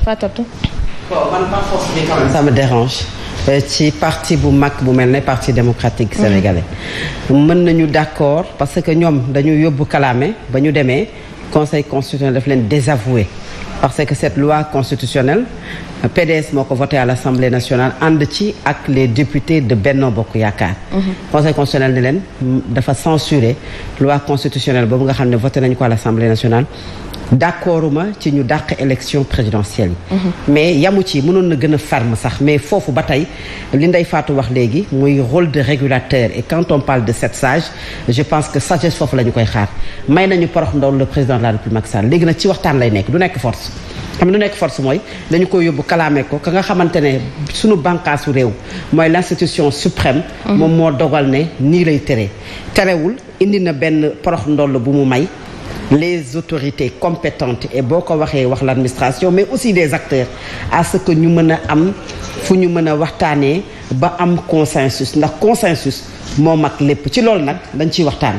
faire Fatou. bon man dérange euh, ci parti bu mag bu mel ne parti démocratique mhm. sénégalais. mën nañu d'accord parce que ñoom dañu yóbbu kalaame ba ñu demee conseil constitutionnel daf leen désavoué. parce que cette loi constitutionnelle PDS moo ko voté à l'Assemblée nationale ànd ci ak les députés de Benno Bokk Yaakaar. Mhm. conseil constitutionnel ni leen dafa censurer loi constitutionnelle boobu nga xam ne voté nañu ko à l'Assemblée nationale. d'accordu ma ci ñu dàq élection présidentielle yi mhm. mais yamu ci mënoon na gën a ferme sax mais foofu ba tey li Ndeye faatu wax léegi muy rôle de régulateur et quand on parle de sept sage je pense que sagesse foofu la ñu koy xaar may nañu porox ndool le président de la République Macky Sall léegi na ci waxtaan lay nekk du nekk force xam lu nekk force mooy dañu koy yóbbu kalaame ko ka nga xamante ne suñu bànqaasu réew mooy l'institution suprême mhm. moom moo dogal ne nii lay tere terewul indi na benn porox ndoll bu mu may les autorités compétentes et boo ko waxee wax l'administration mais aussi des acteurs à que ñu mën a am fu ñu mën a waxtaanee ba am consensus ndax consensus moo mag lépp ci loolu nag dañ ciy waxtaan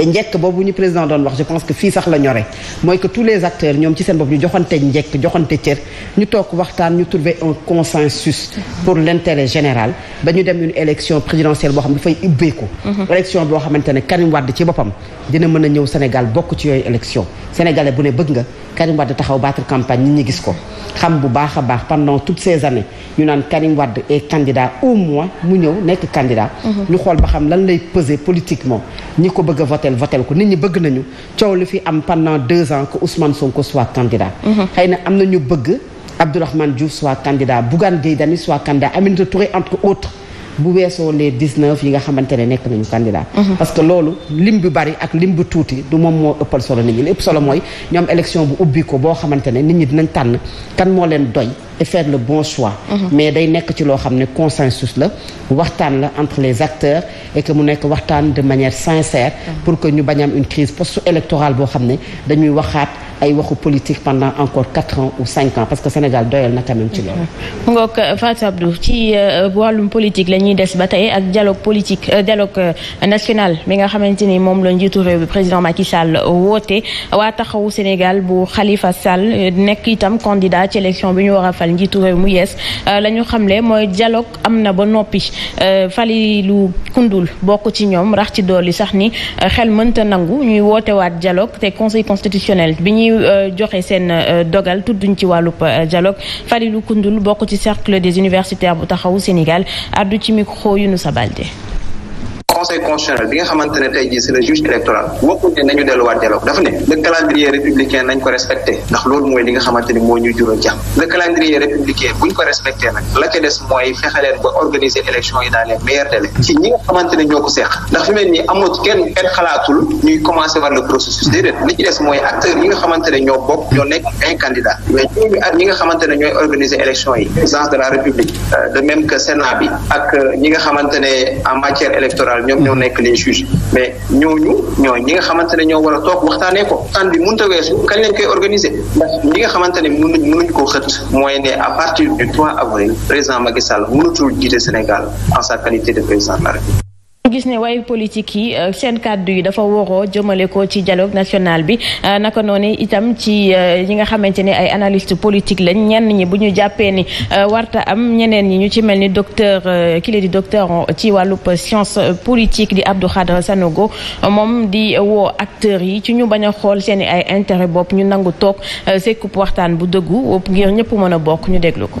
njëkk boobu ñu président doon wax je pense que fii sax la ñore mooy que tous les acteurs ñoom ci seen bopp ñu joxante njëkk joxante cër ñu toog waxtaan ñu trouver un consensus pour l'intérêt général ba ñu dem une élection présidentielle boo xam ne dafay ubbeeku mhm. élection boo xamante ne Karim Wade ci boppam dina mën a ñëw Sénégal bokk ci yooyu élection sénégalais bu ne bëgg nga Karim Wade taxaw battre campagne nit ñi gis ko xam bu baax a baax pendant toutes ces années ñu naan Karim Wade est candidat au moins mu ñëw nekk candidat mhm. ñu xool ba xam lan lay peser politiquement ñi ko bëgg a votel votel ko nit ñi bëgg nañu coow li fi am pendant deux ans que Ousmane Sonko soit candidat mhm. xëy na am na ñu bëgg Abdourahmane Diouf soit candidat Bougane Gueye Dany soit candidat Aminata Touré entre autres bu weesoo les 19 yi nga xamante ne nekk nañu candidat mhm. parce que loolu lim bu bari ak lim bu tuuti du moom moo ëppal solo nit ñi li ëpp solo mooy ñoom élection bu ubbi ko boo xamante ne nit ñi dinañ tànn kan moo leen doy et faire le bon choix mhm. mais day nekk ci loo xam ne consensus la waxtaan la entre les acteurs et mu nekk waxtaan de manière sincère mhm. pour que ñu bañ am une crise post électorale boo xam ne dañuy waxaat ay waxu politique pendant encore quatre ans ou cinq ans parce que Sénégal doyal na quand ci loolu. ngoog euh, Fatou Abdou ci euh, wàllum politique la ñuy des ba tey ak dialogue politique euh, dialogue national mi nga xamante ni moom la njiitu réew bi président Macky Sall woote waa taxawu Sénégal bu Khalifa Sall nekk itam candidat ci élection bi ñu war a fal njiitu réew mu yees la ñu xamle mooy dialogue am na ba noppi fali lu kundul bokk ci ñoom rax ci dolli sax ni xel ñu euh, joxe seen euh, dogal tudduñ ci wàllu wàllub euh, dialogue Falilou Koundoul bokk ci cercle des universitaires bu taxawu Sénégal addu ci micro yu nu sabalde conseil constitutionnel bi nga xamante ne tey jii c'est le juge électoral waxul ne nañu delluwaat dialogue dafa ne le calendrier républicain nañ ko respecté ndax loolu mooy li nga xamante ni moo ñuy jural jàmm calendrier républicain buñ ko respecté nag la ca des mooy fexe ba organiser élection yi dans les meilleurs délais ci ñi nga xamante ñoo ko seeq ndax fi mel ni amut kenn xalaatul ñuy commencer par le processus li ci des mooy acteurs nga xamante ne ñoo bokk ñoo nekk ay candidat mais ñi nga xamante ne ñooy organiser élection yi présidence la république euh, de euh, ñi nga xamante ne en matière tribunal ñoom ñoo nekk les juges mais ñooñu ñoo ñi nga xamante ne ñoo war a toog waxtaanee ko waxtaan bi mënut a weesu kañ lañ koy organiser ndax ñi nga xamante ne mënuñ mënuñ koo xët mooy ne à partir du 3 avril président Macky Sall mënatul jiite Sénégal en sa qualité de président de la gis ne wayu politique yi euh, seen kàddu yi dafa waroo jëmale ko ci dialogue national bi euh, naka noonu itam ci euh, ñi nga xamante ne ay analyste politique lañ ñenn ñi bu ñu jàppee ni warta am ñeneen ñi ñu ci mel ni docteur kii di docteur ci wàllub science politique di Abdou Khadre Sanogo moom di woo acteurs yi ci ñu bañ a xool seen i ay intérêt bopp ñu nangu toog sekkub waxtaan bu dëggu ngir ñëpp mën a bokk ñu déglu ko.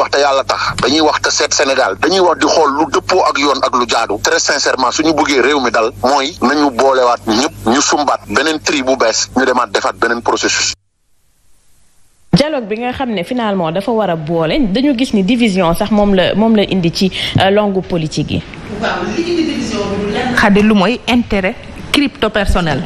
wax te yàlla tax dañuy wax te seet Sénégal dañuy wax di xool lu dëppoo ak yoon ak lu jaadu très sincèrement suñu buggee réew mi dal mooy nañu boolewaat ñëpp ñu sumbaat beneen tri bu bees ñu demaat defaat beneen processus dialogue bi nga xam ne finalement dafa war a boole dañu gis ni division sax moom la moom la indi ci euh, longu politique yi. waaw li lu mooy intéret crypto personnel.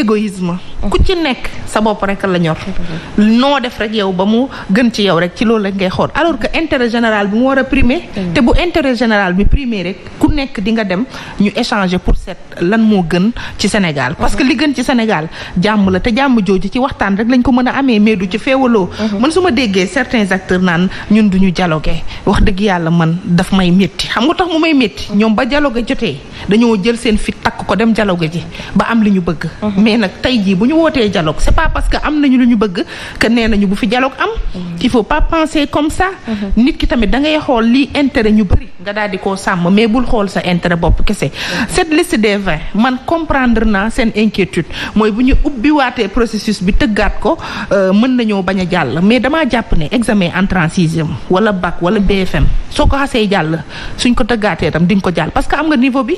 égoïsme mm-hmm. ku ci nekk sa bopp rek la ñor mm-hmm. noo def rek yow ba mu gën ci yow rek ci loolu rek ngay xool alors que intérêt général bi mu war a primer mm-hmm. te bu intérêt général bi primer rek ku nekk di nga dem ñu échangé pour seet lan moo gën ci Sénégal parce que li gën ci Sénégal jàmm la te jàmm jooju ci waxtaan rek lañ ko mën a amee mais du ci feewaloo man su ma déggee certains acteurs naan ñun duñu jaloge wax dëgg yàlla man daf may métti xam nga tax mu may métti ñoom ba dialogué jotee dañoo jël seen fit takk ko dem dialogué ji ba am li ñu bëgg mais nag tey jii bu ñu wootee dialogue c'est pas parce que am nañu lu ñu bëgg que nee nañu bu fi dialogue am. Mm-hmm. il faut pas penser comme ça. Mm-hmm. nit ki tamit da ngay xool lii intérêt ñu bëri nga daal di koo sàmm mais bul xool sa intérêt bopp kese. Mm-hmm. cette liste des vingt man comprendre naa seen inquiétude mooy bu ñu ubbiwaatee processus bi tëggaat ko euh, mën nañoo bañ a jàll mais damaa jàpp ne examen entrée en sixième wala bac wala BFM soo ko xasee jàll suñ ko tëggaatee tam di nga ko jàll parce que am nga niveau bi.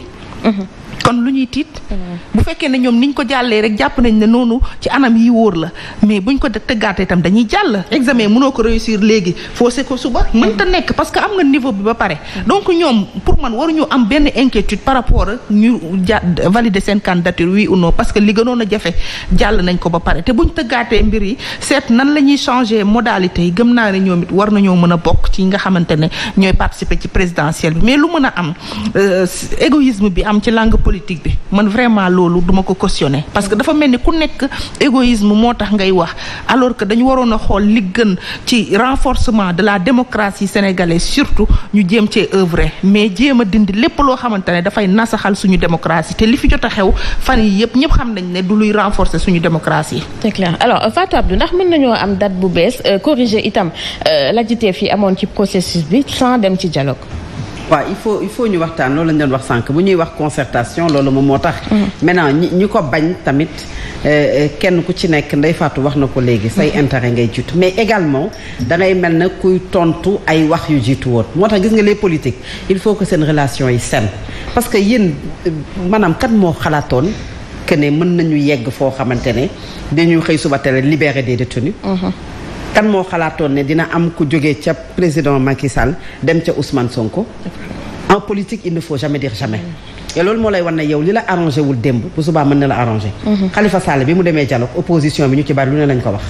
kon lu ñuy tiit. Mm. bu fekkee ne ñoom niñ ko jàllee rek jàpp nañ ne noonu ci anam yi wóor la mais buñ ko tëggaatee tam dañuy jàll. examen mënoo ko réussir léegi forcé ko suba. Mm. mënta nekk parce que am na niveau bi ba pare. donc ñoom pour man waruñu am benn inquiétude par rapport ak ñu ja valider seen candidature wi ou parce que li gënoon a jafe jàll nañ ko ba pare te buñ tëggaatee mbir yi seet nan la ñuy changer modalité yi gëm naa ne ñoom it war nañoo mën a bokk ci nga xamante ne ñooy participer ci présidentielle bi mais lu mën a am euh, politique bi man vraiment loolu duma ko cautionner parce que dafa mel ni ku nekk égoïsme moo tax ngay wax alors que dañu waroon a xool li gën ci renforcement de la démocratie sénégale surtout ñu jéem cee œuvrer mais jéem a dindi lépp loo xamante ne dafay nasaxal suñu démocratie te li fi jot a xew fan yi yëpp ñëpp xam nañ ne du luy renforcer suñu démocratie. c'est clair alors euh, Fatou Abdou ndax mën nañoo am date bu bees euh, corriger itam la euh, lajjiteef yi amoon ci processus bi sans dem ci dialogue. waaw il faut il faut ñu waxtaan loolu lañ doon wax sànq bu ñuy wax concertation loolu moom moo tax. Mm-hmm. maintenant ñi ñi ko bañ tamit euh, euh, kenn ku ci nekk ndey Fatou wax na ko léegi. say mm-hmm. intérêt ngay jiitu mais également da mel na kuy tontu ay wax yu jiitu woon moo tax gis nga les politiques il faut que seen relation yi saine parce que yéen maanaam kat moo xalaatoon. que ne mën nañu yegg foo xamante ne dañuy xëy suba tere libérer des détenus. Mm-hmm. kan moo xalaatoon ne dina am ku jógee ca président Macky Sall dem ca Ousmane Sonko. en politique il ne faut jamais dire jamais. te loolu moo lay wan na yow li la arrangé wul démb bu subaa mën na la arrangé. Mhm. Khalifa Sall bi mu demee dialogue opposition bi ñu ci bari lu ne lañ ko wax.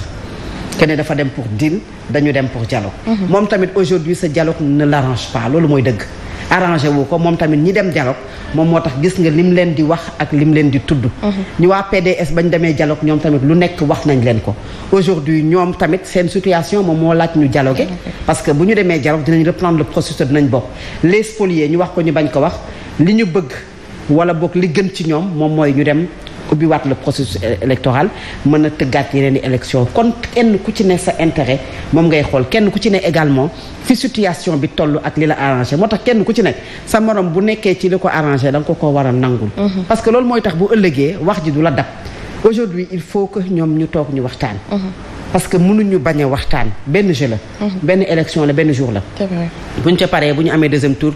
kenn dafa dem pour deal dañu dem pour dialogue. Mhm. moom tamit aujourd'hui ce dialogue ne l'arrange loolu mooy dëgg. arrangé wu ko moom tamit ñi dem dialogue moom moo tax gis nga lim leen di wax ak lim leen di tudd mhm. ñu waa PDS bañ demee jaloog ñoom tamit lu nekk wax nañ leen ko aujourd'hui ñoom tamit seen situation moom moo laaj ñu dialogué parce que bu ñu demee dialogue dinañ reprendre le processus dinañ bokk lee spoliés ñu wax ko ñu bañ ko wax li ñu bëgg wala boog li gën ci ñoom moom mooy ñu dem ubbi waat le processus électoral mën a tëggaat yeneen i élection kon kenn ku ci ne sa intérêt moom ngay xool kenn ku ci ne également fi situation bi toll ak li la arrangé moo tax kenn ku ci nekk sa morom bu nekkee ci li ko arrangé da ko ko war a nangul mhm. parce que loolu mooy tax bu ëllëgee wax ji du la dab aujourd'hui il faut que ñoom ñu toog ñu waxtaan mhm. parce que mënuñu bañ a waxtaan benn jeu la mhm. benn élection la benn jour la buñ ca paree bu ñu